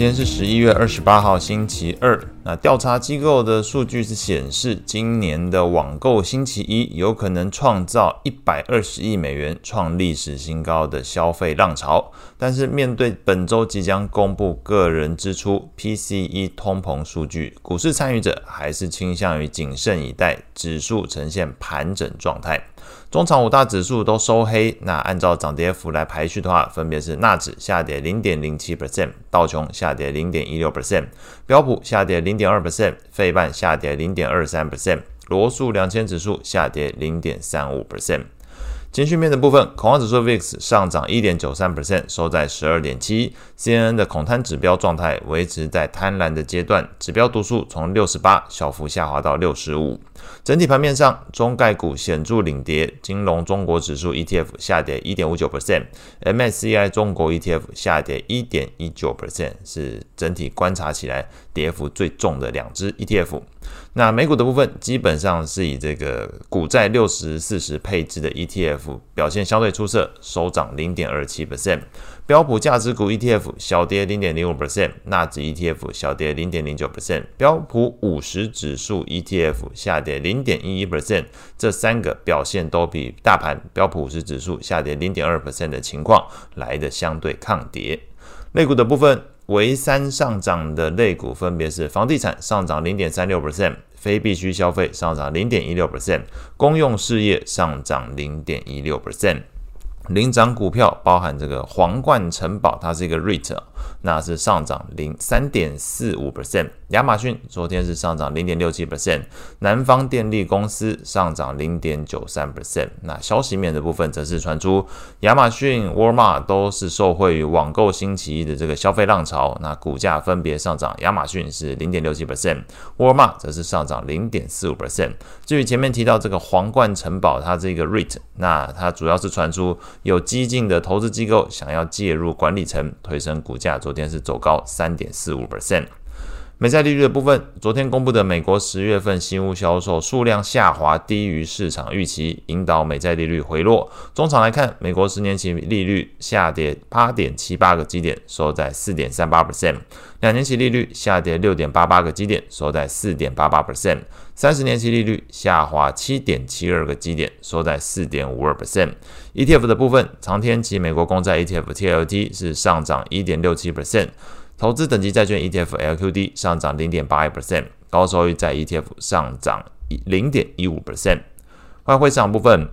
今天是十一月二十八號，星期二。那調查機構的數據是顯示，今年的網購星期一有可能創造一百二十億美元、創歷史新高的消費浪潮，但是面對本周即將公布個人支出 PCE 通膨數據，股市參與者還是傾向於謹慎以待，指數呈現盤整狀態。終場五大指數都收黑，那按照漲跌幅來排序的話，分別是納指下跌零點零七 percent，道瓊下跌零點一六 percent，標普下跌零點二 percent，費半下跌零點二三 percent，羅素兩千指數下跌零點三五 percent。情緒面的部分，恐慌指數 VIX 上漲一點九三 percent，收在十二點七。C N N 的恐貪指標狀態維持在貪婪的階段，指標讀數從六十八小幅下滑到六十五。整體盤面上，中概股顯著領跌，金龍中國指數 E T F 下跌一點五九 percent，M S C I 中國 E T F 下跌一點一九 percent，是整體觀察起來跌幅最重的兩隻 E T F。那美股的部分，基本上是以這個股債六十四十配置的 ETF 表現相對出色，收漲零點二七 percent。標普價值股 ETF 小跌零點零五 percent，納指 ETF 小跌零點零九 percent，標普五十指數 ETF 下跌零點一一 percent。這三個表現都比大盤標普五十指數下跌零點二 percent 的情況來得相對抗跌。類股的部分，唯三上漲的類股分別是房地產上漲零點三六 percent，非必需消費上漲零點一六 percent，公用事業上漲零點一六 percent。領漲股票包含這個皇冠城堡，它是一個 REIT，那是上漲零三點四五 percent。亞馬遜昨天是上漲零點六七 percent，南方電力公司上漲零點九三 percent。那消息面的部分則是傳出，亞馬遜、沃爾瑪都是受惠於網購星期一的這個消費浪潮。那股價分別上漲，亞馬遜是零點六七 percent，沃爾瑪則是上漲零點四五 percent。至於前面提到這個皇冠城堡，它這個 REIT，那它主要是傳出有激進的投資機構想要介入管理層，推升股價。昨天是走高三點四五 percent。美債利率的部分，昨天公布的美國十月份新屋銷售數量下滑，低於市場預期，引導美債利率回落。終場來看，美國十年期利率下跌八點七八個基點，收在四點三八 percent；兩年期利率下跌六點八八個基點，收在四點八八 percent；三十年期利率下滑七點七二個基點，收在四點五二 percent。ETF 的部分，長天期美國公債 ETF TLT 是上漲一點六七 percent。投資等級債券 ETF LQD 上漲零點八一 percent，高收益債 ETF 上漲零點一五 percent。外匯市場部分，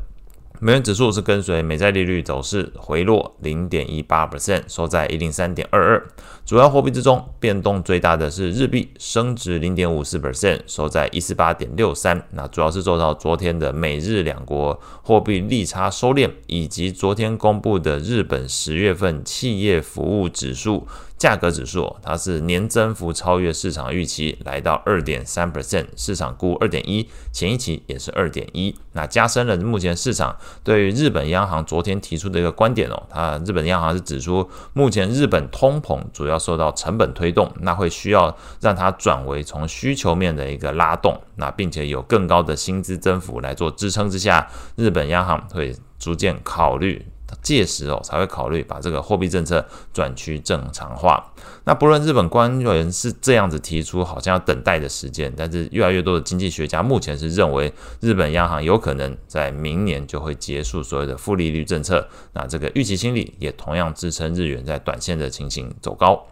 美元指數是跟隨美債利率走勢回落零點一八 percent，收在一零三點二二。主要貨幣之中，變動最大的是日幣，升值零點五四 percent，收在一四八點六三。那主要是受到昨天的美日兩國貨幣利差收斂，以及昨天公布的日本十月份企業服務指數。價格指數它是年增幅，超越市場預期，來到二點三 percent，市場估二點一，前一期也是二點一，那加深了目前市場對於日本央行昨天提出的一個觀點哦，它日本央行是指出目前日本通膨主要受到成本推動，那會需要讓它轉為從需求面的一個拉動，那並且有更高的薪資增幅來做支撐之下，日本央行會逐漸考慮。屆時哦才會考慮把這個貨幣政策轉趨正常化。那不論日本官員是這樣子提出，好像要等待的時間，但是越來越多的經濟學家目前是認為，日本央行有可能在明年就會結束所有的負利率政策。那這個預期心理也同樣支撐日元在短線的情形走高。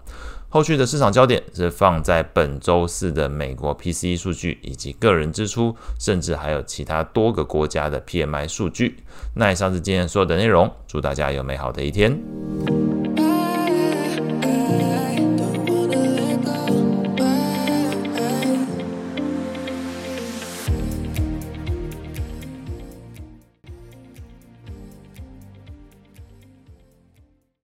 後續的市場焦點是放在本周四的美國 PCE 數據以及個人支出，甚至還有其他多個國家的 PMI 數據。那以上是今天所有的內容，祝大家有美好的一天。